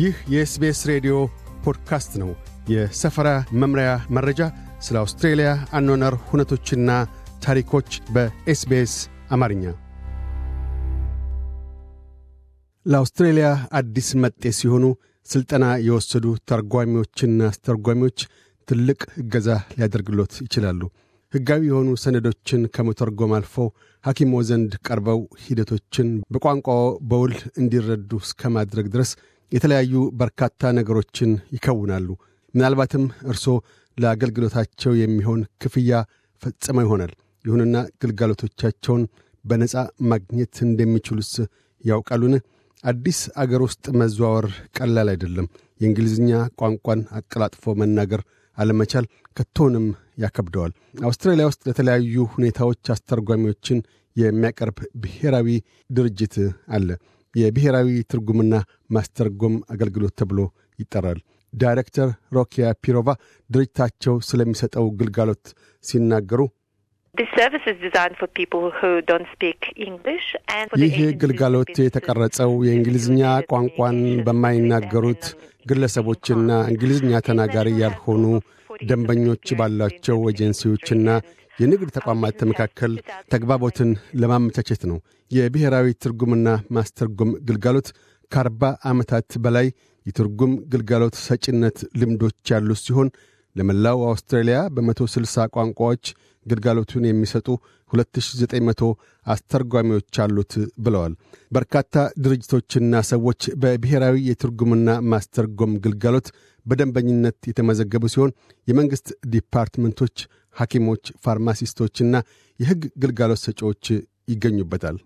ይህ የኤስቤስ ሬዲዮ ፖድካስት ነው። የሰፈራ መምሪያ መረጃ፣ ስለ አውስትሬልያ አኗነር ሁነቶችና ታሪኮች በኤስቤስ አማርኛ። ለአውስትሬልያ አዲስ መጤ ሲሆኑ ሥልጠና የወሰዱ ተርጓሚዎችና አስተርጓሚዎች ትልቅ እገዛ ሊያደርግሎት ይችላሉ። ሕጋዊ የሆኑ ሰነዶችን ከመተርጎም አልፎ ሐኪሞ ዘንድ ቀርበው ሂደቶችን በቋንቋው በውል እንዲረዱ እስከ ማድረግ ድረስ የተለያዩ በርካታ ነገሮችን ይከውናሉ። ምናልባትም እርሶ ለአገልግሎታቸው የሚሆን ክፍያ ፈጽመው ይሆናል። ይሁንና ግልጋሎቶቻቸውን በነፃ ማግኘት እንደሚችሉስ ያውቃሉን? አዲስ አገር ውስጥ መዘዋወር ቀላል አይደለም። የእንግሊዝኛ ቋንቋን አቀላጥፎ መናገር አለመቻል ከቶንም ያከብደዋል። አውስትራሊያ ውስጥ ለተለያዩ ሁኔታዎች አስተርጓሚዎችን የሚያቀርብ ብሔራዊ ድርጅት አለ። የብሔራዊ ትርጉምና ማስተርጎም አገልግሎት ተብሎ ይጠራል። ዳይሬክተር ሮኪያ ፒሮቫ ድርጅታቸው ስለሚሰጠው ግልጋሎት ሲናገሩ ይህ ግልጋሎት የተቀረጸው የእንግሊዝኛ ቋንቋን በማይናገሩት ግለሰቦችና እንግሊዝኛ ተናጋሪ ያልሆኑ ደንበኞች ባላቸው ኤጀንሲዎችና የንግድ ተቋማት መካከል ተግባቦትን ለማመቻቸት ነው። የብሔራዊ ትርጉምና ማስተርጎም ግልጋሎት ከአርባ ዓመታት በላይ የትርጉም ግልጋሎት ሰጪነት ልምዶች ያሉት ሲሆን ለመላው አውስትራሊያ በ160 ቋንቋዎች ግልጋሎቱን የሚሰጡ 2900 አስተርጓሚዎች አሉት ብለዋል። በርካታ ድርጅቶችና ሰዎች በብሔራዊ የትርጉምና ማስተርጎም ግልጋሎት በደንበኝነት የተመዘገቡ ሲሆን የመንግሥት ዲፓርትመንቶች ሐኪሞች፣ ፋርማሲስቶችና የሕግ ግልጋሎት ሰጪዎች ይገኙበታል።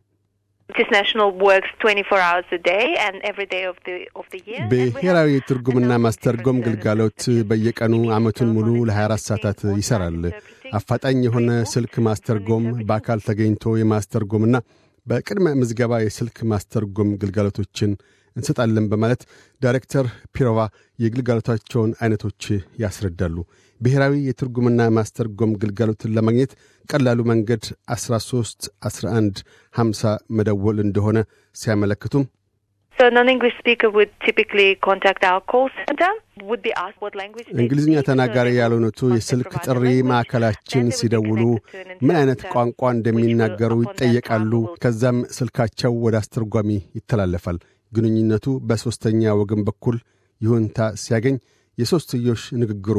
ብሔራዊ ትርጉምና ማስተርጎም ግልጋሎት በየቀኑ ዓመቱን ሙሉ ለ24 ሰዓታት ይሠራል። አፋጣኝ የሆነ ስልክ ማስተርጎም፣ በአካል ተገኝቶ የማስተርጎምና በቅድመ ምዝገባ የስልክ ማስተርጎም ግልጋሎቶችን እንሰጣለን በማለት ዳይሬክተር ፒሮቫ የግልጋሎታቸውን አይነቶች ያስረዳሉ። ብሔራዊ የትርጉምና ማስተርጎም ግልጋሎትን ለማግኘት ቀላሉ መንገድ 13 11 50 መደወል እንደሆነ ሲያመለክቱም እንግሊዝኛ ተናጋሪ ያልሆኑቱ የስልክ ጥሪ ማዕከላችን ሲደውሉ ምን አይነት ቋንቋ እንደሚናገሩ ይጠየቃሉ። ከዛም ስልካቸው ወደ አስተርጓሚ ይተላለፋል። ግንኙነቱ በሦስተኛ ወገን በኩል ይሁንታ ሲያገኝ የሦስትዮሽ ንግግሩ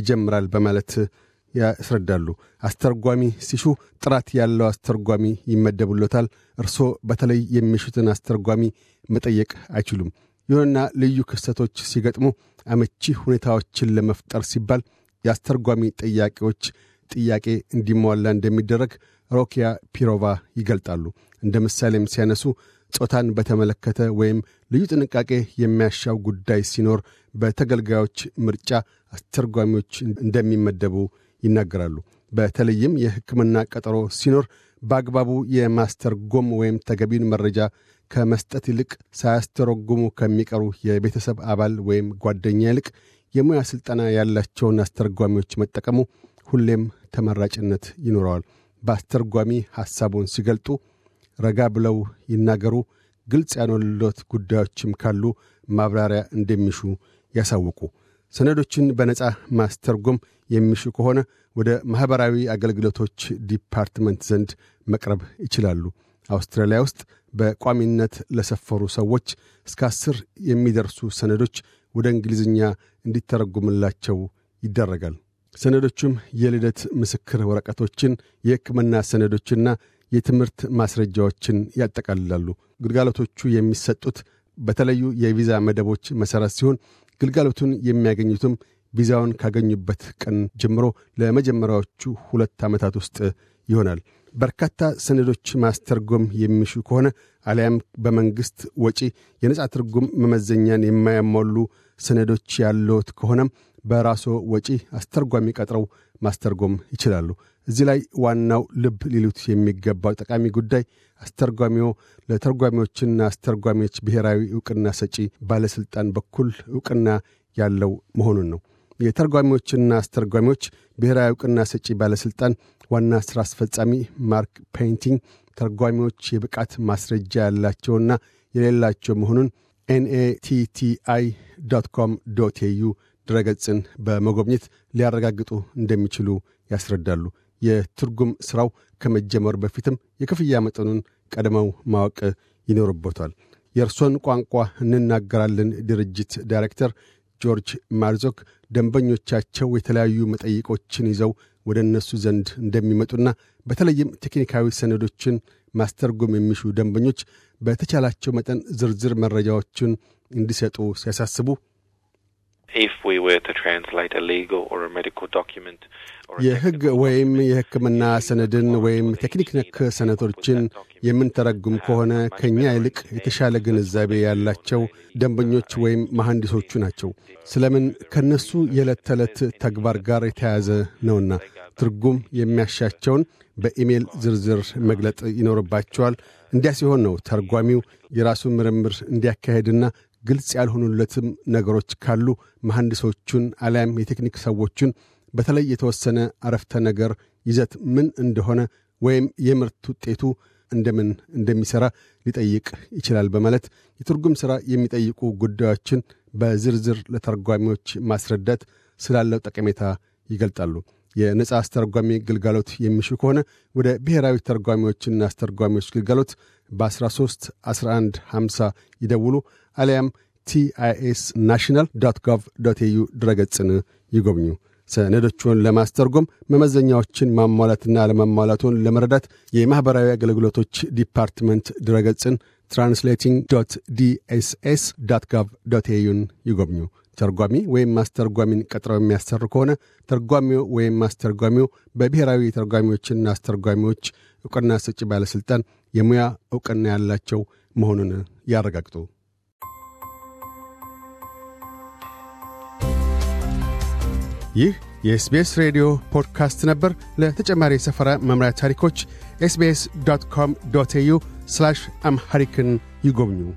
ይጀምራል በማለት ያስረዳሉ። አስተርጓሚ ሲሹ ጥራት ያለው አስተርጓሚ ይመደቡለታል። እርስዎ በተለይ የሚሹትን አስተርጓሚ መጠየቅ አይችሉም። ይሁንና ልዩ ክስተቶች ሲገጥሙ አመቺ ሁኔታዎችን ለመፍጠር ሲባል የአስተርጓሚ ጥያቄዎች ጥያቄ እንዲሟላ እንደሚደረግ ሮኪያ ፒሮቫ ይገልጣሉ። እንደ ምሳሌም ሲያነሱ ጾታን በተመለከተ ወይም ልዩ ጥንቃቄ የሚያሻው ጉዳይ ሲኖር በተገልጋዮች ምርጫ አስተርጓሚዎች እንደሚመደቡ ይናገራሉ። በተለይም የህክምና ቀጠሮ ሲኖር በአግባቡ የማስተርጎም ወይም ተገቢን መረጃ ከመስጠት ይልቅ ሳያስተረጉሙ ከሚቀሩ የቤተሰብ አባል ወይም ጓደኛ ይልቅ የሙያ ሥልጠና ያላቸውን አስተርጓሚዎች መጠቀሙ ሁሌም ተመራጭነት ይኖረዋል። በአስተርጓሚ ሐሳቡን ሲገልጡ ረጋ ብለው ይናገሩ። ግልጽ ያልሆኑለት ጉዳዮችም ካሉ ማብራሪያ እንደሚሹ ያሳውቁ። ሰነዶችን በነፃ ማስተርጎም የሚሹ ከሆነ ወደ ማኅበራዊ አገልግሎቶች ዲፓርትመንት ዘንድ መቅረብ ይችላሉ። አውስትራሊያ ውስጥ በቋሚነት ለሰፈሩ ሰዎች እስከ አስር የሚደርሱ ሰነዶች ወደ እንግሊዝኛ እንዲተረጉምላቸው ይደረጋል። ሰነዶቹም የልደት ምስክር ወረቀቶችን፣ የሕክምና ሰነዶችና የትምህርት ማስረጃዎችን ያጠቃልላሉ። ግልጋሎቶቹ የሚሰጡት በተለዩ የቪዛ መደቦች መሠረት ሲሆን ግልጋሎቱን የሚያገኙትም ቪዛውን ካገኙበት ቀን ጀምሮ ለመጀመሪያዎቹ ሁለት ዓመታት ውስጥ ይሆናል። በርካታ ሰነዶች ማስተርጎም የሚሹ ከሆነ አሊያም በመንግሥት ወጪ የነጻ ትርጉም መመዘኛን የማያሟሉ ሰነዶች ያለዎት ከሆነም በራሶ ወጪ አስተርጓሚ ቀጥረው ማስተርጎም ይችላሉ። እዚህ ላይ ዋናው ልብ ሊሉት የሚገባው ጠቃሚ ጉዳይ አስተርጓሚዎ ለተርጓሚዎችና አስተርጓሚዎች ብሔራዊ እውቅና ሰጪ ባለሥልጣን በኩል እውቅና ያለው መሆኑን ነው። የተርጓሚዎችና አስተርጓሚዎች ብሔራዊ እውቅና ሰጪ ባለሥልጣን ዋና ሥራ አስፈጻሚ ማርክ ፔንቲንግ ተርጓሚዎች የብቃት ማስረጃ ያላቸውና የሌላቸው መሆኑን ኤንኤቲቲአይ ዶት ኮም ዶት ድረገጽን በመጎብኘት ሊያረጋግጡ እንደሚችሉ ያስረዳሉ። የትርጉም ሥራው ከመጀመሩ በፊትም የክፍያ መጠኑን ቀድመው ማወቅ ይኖርቦታል። የእርሶን ቋንቋ እንናገራለን ድርጅት ዳይሬክተር ጆርጅ ማርዞክ ደንበኞቻቸው የተለያዩ መጠይቆችን ይዘው ወደ እነሱ ዘንድ እንደሚመጡና በተለይም ቴክኒካዊ ሰነዶችን ማስተርጎም የሚሹ ደንበኞች በተቻላቸው መጠን ዝርዝር መረጃዎችን እንዲሰጡ ሲያሳስቡ የሕግ ወይም የሕክምና ሰነድን ወይም ቴክኒክ ነክ ሰነዶችን የምንተረጉም ከሆነ ከእኛ ይልቅ የተሻለ ግንዛቤ ያላቸው ደንበኞች ወይም መሐንዲሶቹ ናቸው። ስለምን ከእነሱ የዕለት ተዕለት ተግባር ጋር የተያያዘ ነውና ትርጉም የሚያሻቸውን በኢሜል ዝርዝር መግለጥ ይኖርባቸዋል። እንዲያ ሲሆን ነው ተርጓሚው የራሱን ምርምር እንዲያካሄድና ግልጽ ያልሆኑለትም ነገሮች ካሉ መሐንዲሶቹን አሊያም የቴክኒክ ሰዎቹን በተለይ የተወሰነ አረፍተ ነገር ይዘት ምን እንደሆነ ወይም የምርት ውጤቱ እንደምን እንደሚሠራ ሊጠይቅ ይችላል በማለት የትርጉም ሥራ የሚጠይቁ ጉዳዮችን በዝርዝር ለተርጓሚዎች ማስረዳት ስላለው ጠቀሜታ ይገልጣሉ። የነጻ አስተርጓሚ ግልጋሎት የሚሹ ከሆነ ወደ ብሔራዊ ተርጓሚዎችና አስተርጓሚዎች ግልጋሎት በ13 11 50 ይደውሉ አሊያም ቲአይኤስ ናሽናል ዶት ጎቭ ዶት ኤዩ ድረገጽን ይጎብኙ። ሰነዶቹን ለማስተርጎም መመዘኛዎችን ማሟላትና ለማሟላቱን ለመረዳት የማኅበራዊ አገልግሎቶች ዲፓርትመንት ድረገጽን ትራንስሌቲንግ ዶት ዲኤስኤስ ዶት ጋቭ ዶት ኤዩን ይጎብኙ። ተርጓሚ ወይም ማስተርጓሚን ቀጥረው የሚያሰሩ ከሆነ ተርጓሚው ወይም ማስተርጓሚው በብሔራዊ የተርጓሚዎችና አስተርጓሚዎች ዕውቅና ሰጪ ባለሥልጣን የሙያ ዕውቅና ያላቸው መሆኑን ያረጋግጡ። ይህ የኤስቤስ ሬዲዮ ፖድካስት ነበር። ለተጨማሪ የሰፈራ መምሪያት ታሪኮች ኤስቤስ ዶት ኮም ዶት ኤዩ አምሐሪክን ይጎብኙ።